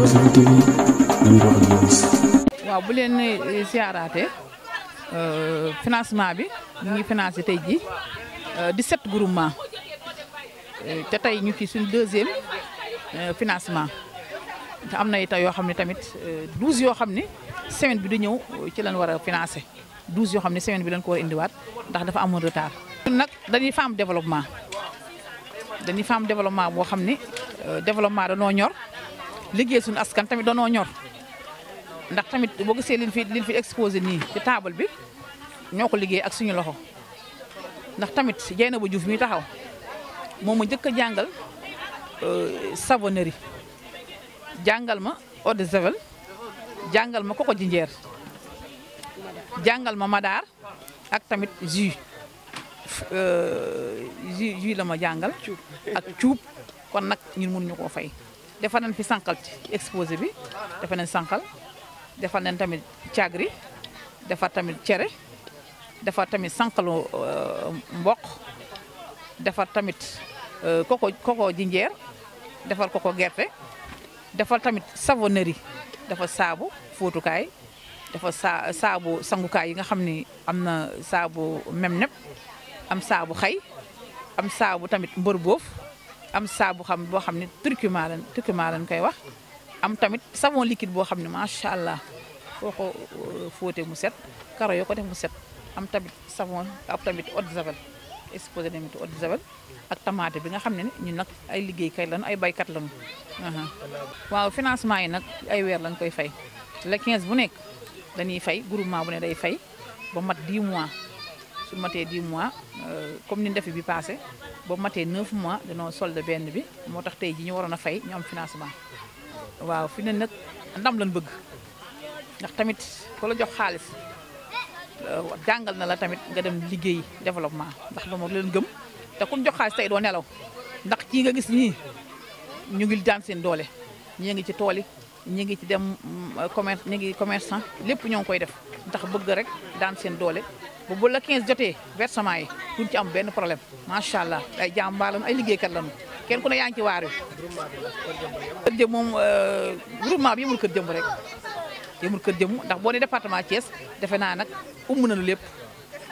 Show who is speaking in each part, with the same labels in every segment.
Speaker 1: Wassare TV dañuy wax
Speaker 2: ak yow. waaw bu leen siyaaraatee eh, euh, financement bi ñu ngi financé tey jii 17 euh, groupement euh, te tey ñu ci suñ deuxième financement te am na itam yoo xam ne tamit 12 yoo xam ne semaine bi du ñëw ci lañ war a financé yoo xam ne semaine bi lañ ko war indiwaat ndax dafa amoon retard. nag dañuy femme développement dañuy femme développement boo xam ne développement dañoo ñor. liggéey suñ askan tamit danoo ñor ndax tamit boo gisee fi liñ fi exposé nii ci table bi ñoo ko liggéey ak suñu loxo ndax tamit na Dieynaba Diouf mi taxaw moom ma njëkk a jàngal euh, savonnerie jàngal ma eau de savel jàngal ma koko jinjeer jàngal ma madaar ak tamit jus euh, jus jus la ma jàngal ak cuub kon nag ñun mënuñu koo fay defal nañ fi sànqal ci exposé bi defal nañ sànqal defar nañ tamit caagri defar tamit cere defar tamit sànqalu euh, mboq defar tamit koko euh, koko jinjeer defar koko gerte defar tamit savonnerie dafa saabu fóotukaay dafa saa saabu sangukaay yi nga xam ni am na saabu mem nepp am saabu xay am saabu tamit mbër am saabu xam boo xam ne turkiment lañ turkiment lañ koy wax am tamit savon liquide boo xam ne macha allah foo ko euh, fóote mu set karo yoo ko def mu set am tamit savon am tamit eau de javel exposé nañu eau de javel ak tamaate bi nga xam ne ñun nag ay liggéey kay lan ay baykat lañu. waaw financement yi nag ay weer lañ koy fay le 15 bu nekk dañuy fay groupement bu ne day fay ba mat 10 mois. su matee 10 mois euh, comme ni ñu defee bi passé ba matee 9 mois danoo solde benn bi moo tax tey ji ñu waroon a fay ñu am financement waaw fi ne nag ndam lañ bëgg ndax tamit ku la jox xaalis euh, jàngal na la tamit nga dem liggéey développement ndax dama leen gëm te ko jox xaalis tey doo nelaw ndax ci nga gis ñii ñu ngi daan seen doole ñii ngi ci tool yi ñi ngi ci dem mm, commerce ñi ngi commerçant lépp ñoo ngi koy def ndax bëgg rek daan seen doole ba bu la 15 jotee versement yi duñ ci am benn problème macha allah ay jàmbaar lañu ay liggéeykat lañu kenn ku ne yaa ngi ci waar wi. kër jëm euh, kër jëm rek yëmul kër jëm ndax boo nee département Thiès defe naa nag umb nañu lépp.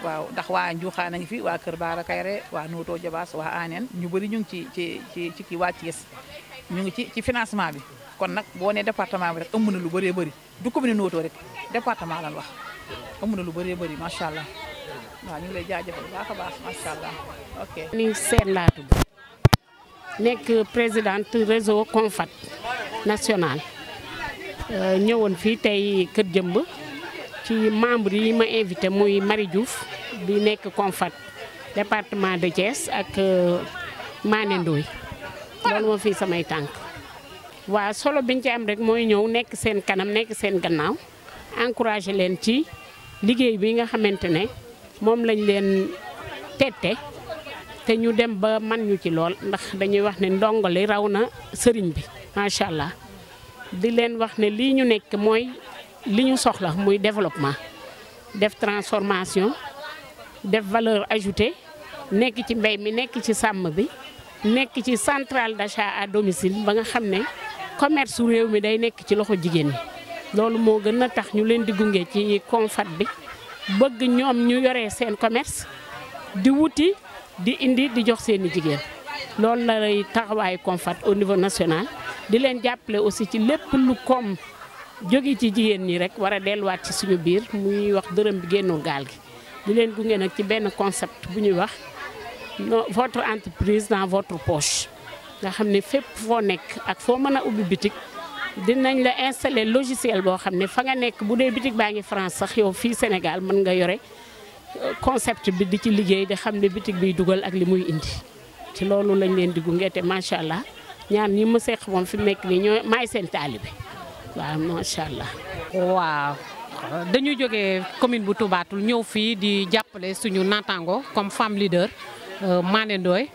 Speaker 2: waaw ndax waa Ndioukhane a ngi fi waa Kër Baara Kayre waa nooto Jabaas waa Anen ñu bëri ñu ngi ci ci ci ci waa Thiès ñu ngi ci ci financement bi kon nag boo nee département bi rek ëmb na lu bëree bari du commune nooto rek département lan wax ëmb na lu bëree bari macha allah. waaw ñu ngi lay ni seen
Speaker 1: laa tudd nekk présidente réseau Confat national euh, ñëwoon fii tey Kër Jëmb ci membre yi ma invité muy Marie Diouf bi nekk Confat département de Thiès ak euh, Mané Ndoye loolu moo fii samay tànk waaw solo biñ ci am rek mooy ñëw nekk seen kanam nekk seen gannaaw encouragé leen ci liggéey bi nga xamante ne. moom lañ leen tette te ñu dem ba man ñu ci lool ndax dañuy wax ne ndongo li raw na sëriñ bi macha allah di leen wax ne lii ñu nekk mooy li ñu soxla muy développement def transformation def valeur ajoutée nekk ci mbéy mi nekk ci sàmm bi nekk ci centrale d'achat à domicile ba nga xam ne commerce réew mi day nekk ci loxo jigéen ñi loolu moo gën a tax ñu leen di gunge ci confat bi bëgg ñoom ñu yoree seen commerce di wuti di indi di jox seen i jigéen loolu la lay taxawaayu Comfat au niveau national di leen jàppale aussi ci lépp lu koom jóge ci jigéen ñi rek war a delluwaat ci suñu biir muy wax dërëm bi génnul gaal gi di leen gunge nag ci benn concept bu ñuy wax votre entreprise dans votre poche nga xam ne fépp foo nekk ak foo mën a ubbi bitik dinañ la installer logiciel boo xam ne fa nga nekk bu dee bitig baa ngi France sax yow fii Sénégal mën nga yore euh, concept bi di ci liggéey di xam ne bitig biy dugal ak li muy indi ci loolu lañ leen di gunge te macha allah ñaar ñi mu seq moom fi mu nekk nii ñoo maay seen taalibe waaw macha allah. waaw dañuy jóge
Speaker 3: commune bu Touba ñëw fii di jàppale suñu naataango comme femme leader euh, Mané Ndoye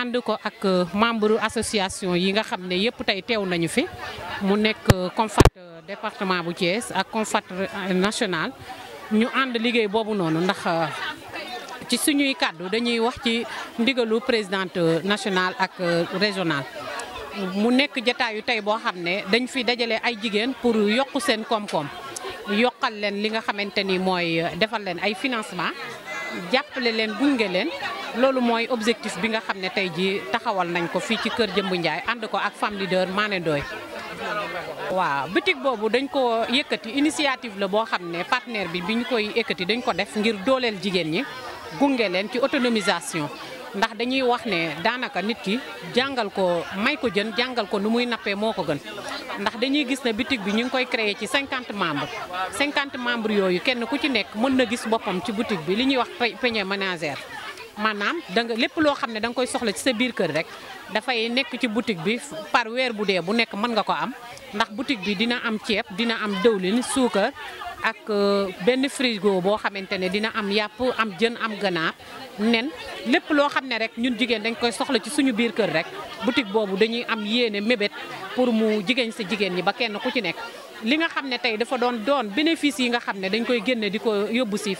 Speaker 3: ànd ko ak euh, membre association yi nga xam ne yëpp tey teew nañu fi mu nekk euh, COMFAT euh, département bu Thiès ak COMFAT national ñu ànd liggéey boobu noonu ndax ci suñuy kàddu dañuy wax ci ndigalu présidente national ak régional mu nekk jataayu tey boo xam ne dañ fi dajale ay jigéen pour yokk seen koom-koom yokkal leen li nga xamante ni mooy defal leen ay financement jàppale leen gunge leen loolu mooy objectif bi nga xam ne tey jii taxawal nañ ko fii ci kër Jëmb Ndiaye ànd ko ak femme leader Mané Ndoye waaw boutique boobu dañ ko yëkkati initiative la boo xam ne partenaire bi bi ñu koy yëkkati dañ ko def ngir dooleel jigéen ñi gunge leen ci autonomisation ndax dañuy wax ne daanaka nit ki jàngal ko may ko jën jàngal ko nu muy nappee moo ko gën ndax dañuy gis ne boutique bi ñu ngi koy créer ci 50 membres 50 membres yooyu kenn ku ci nekk mën na gis boppam ci boutique bi li ñuy wax panier ménagère maanaam da nga lépp loo xam ne da nga koy soxla ci sa biir kër rek dafay nekk ci boutique bi par weer bu dee bu nekk mën nga ko am ndax boutique bi dina am ceeb dina am dëwlin suukar ak euh, benn frigo boo xamante ne dina am yàpp am jën am ganaar nen lépp loo xam ne rek ñun jigéen dañ koy soxla ci suñu biir kër rek boutique boobu dañuy am yéene mébét pour mu jigéen sa jigéen ñi ba kenn ku ci nekk li nga xam tay dafa doon doon bénéfice yi nga xam dañ koy guenné diko ko yóbbu si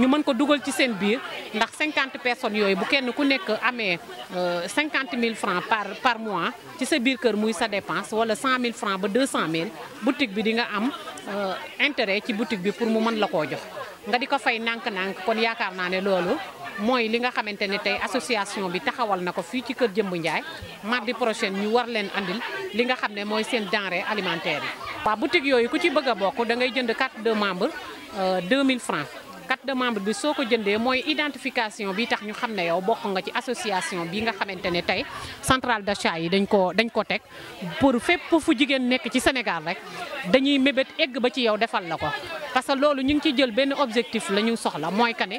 Speaker 3: ñu mën ko duggal ci seen biir ndax 50 personnes yoy bu kenn ku nekk amé 50 000 francs par par mois ci sa biir kër muy sa dépense wala 100 000 francs ba 200 000 boutique bi di nga am euh, intérêt ci boutique bi pour mu mën la ko jox nga diko fay nank nank kon yaakaar na né lolu mooy li nga xamante ne tey association bi taxawal na ko fii ci kër Jëmb Ndiaye mardi prochain ñu war leen indil li nga xam ne mooy seen denrée alimentaire yi. waaw boutique yooyu ku ci bëgg a bokk da ngay jënd carte de membre 2000 euh, francs carte de membre bi soo ko jëndee mooy identification bi tax ñu xam ne yow bokk nga ci association bi nga xamante ne tey centrale d'achat yi dañ koo dañ ko teg pour fépp fu jigéen nekk ci Sénégal rek dañuy mébét egg ba ci yow defal la ko parce que loolu ñu ngi ci jël benn objectif la ñu soxla mooy que ne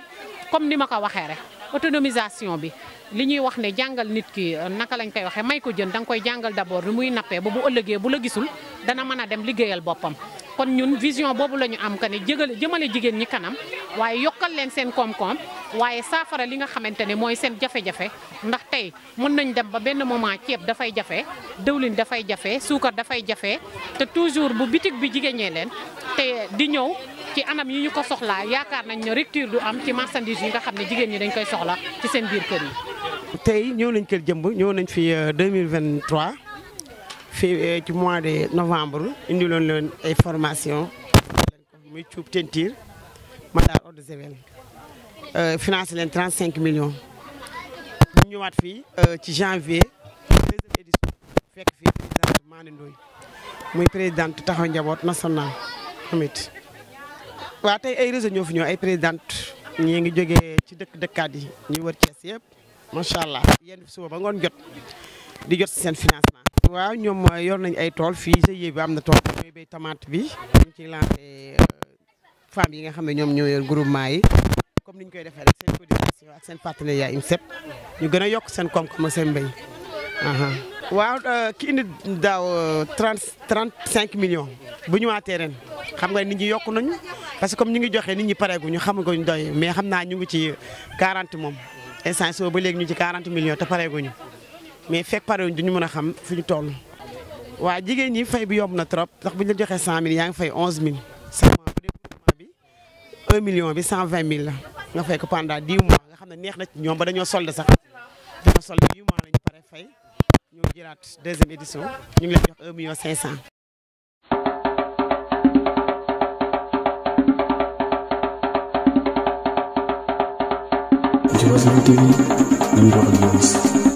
Speaker 3: comme ni ma ko waxee rek autonomisation bi li ñuy wax ne jàngal nit ki euh, naka lañ koy waxee may ko jën da nga koy jàngal d'abord ni muy nappee ba bu ëllëgee bu la gisul dana mën a dem liggéeyal boppam. kon ñun vision boobu la ñu am que ne jëgale jëmale jigéen ñi kanam waaye yokkal leen seen koom-koom. waaye saafara li nga xamante ne mooy seen jafe-jafe ndax tey mën nañ dem ba benn moment ceeb dafay jafe dëwlin dafay jafe suukar dafay jafe te toujours bu bitig bi jigéen jigéñee leen te di ñëw ci anam yi ñu ko soxlaa yaakaar nañ ne rupture du am ci marchandise yi nga xam ne jigéen ñi dañ koy soxla ci seen biir kër yi.
Speaker 4: tey ñëw nañ kër jëmb ñëw nañ fi 2023 euh, fii euh, ci mois de novembre indiloon leen ay formation muy cuub tentir ma daal eau seven javel Euh, finance leen 35 millions ñu ñëwaat fii euh, ci janvier deuxième édition fekk fii présidente Mané Ndoye muy présidente taxaw njaboot national amit waa tey ay réseau ñoo fi ñëw ay présidente ñi ngi jóge ci dëkk dëkkaat yi ñuy wër cees yëpp macha allah yéen suba ba ngoon jot di jot si seen financement. waaw ñoom euh, yor nañ ay tool fii GIE bi am na tool ñooy béy tomate bi ñu ci lancé femmes yi nga xam ne ñoom ñoo yor groupement yi. comme ni koy defee rek seen cotisation ak seen partenariat IMSEP ñu gën a yokk seen koom-koom seen mbéy. waaw euh, kii indi daaw euh, trente trente cinq millions bu ñu waatee ren xam nga nit ñi yokk nañu parce que comme ñu ngi joxe nit ñi pareegu ñu xam nga ñu doy mais xam naa ñu ngi ci quarante moom instant soo ba léegi ñu ci quarante millions te ñu mais fekk parewuñ ñu mën a xam fu ñu toll. waa jigéen ñi fay bi yomb na trop ndax bu ñu la joxee cent mille yaa ngi fay onze mille. seulement bu dee bi cent vingt mille la. nga fekk ko pendant nga xam ne neex na ci ñoom ba dañoo solde sax dañoo solde 8 mois lañu pare fay ñoo jëlaat deuxième édition ñu ngi leen jox 1 million 500. Diourouba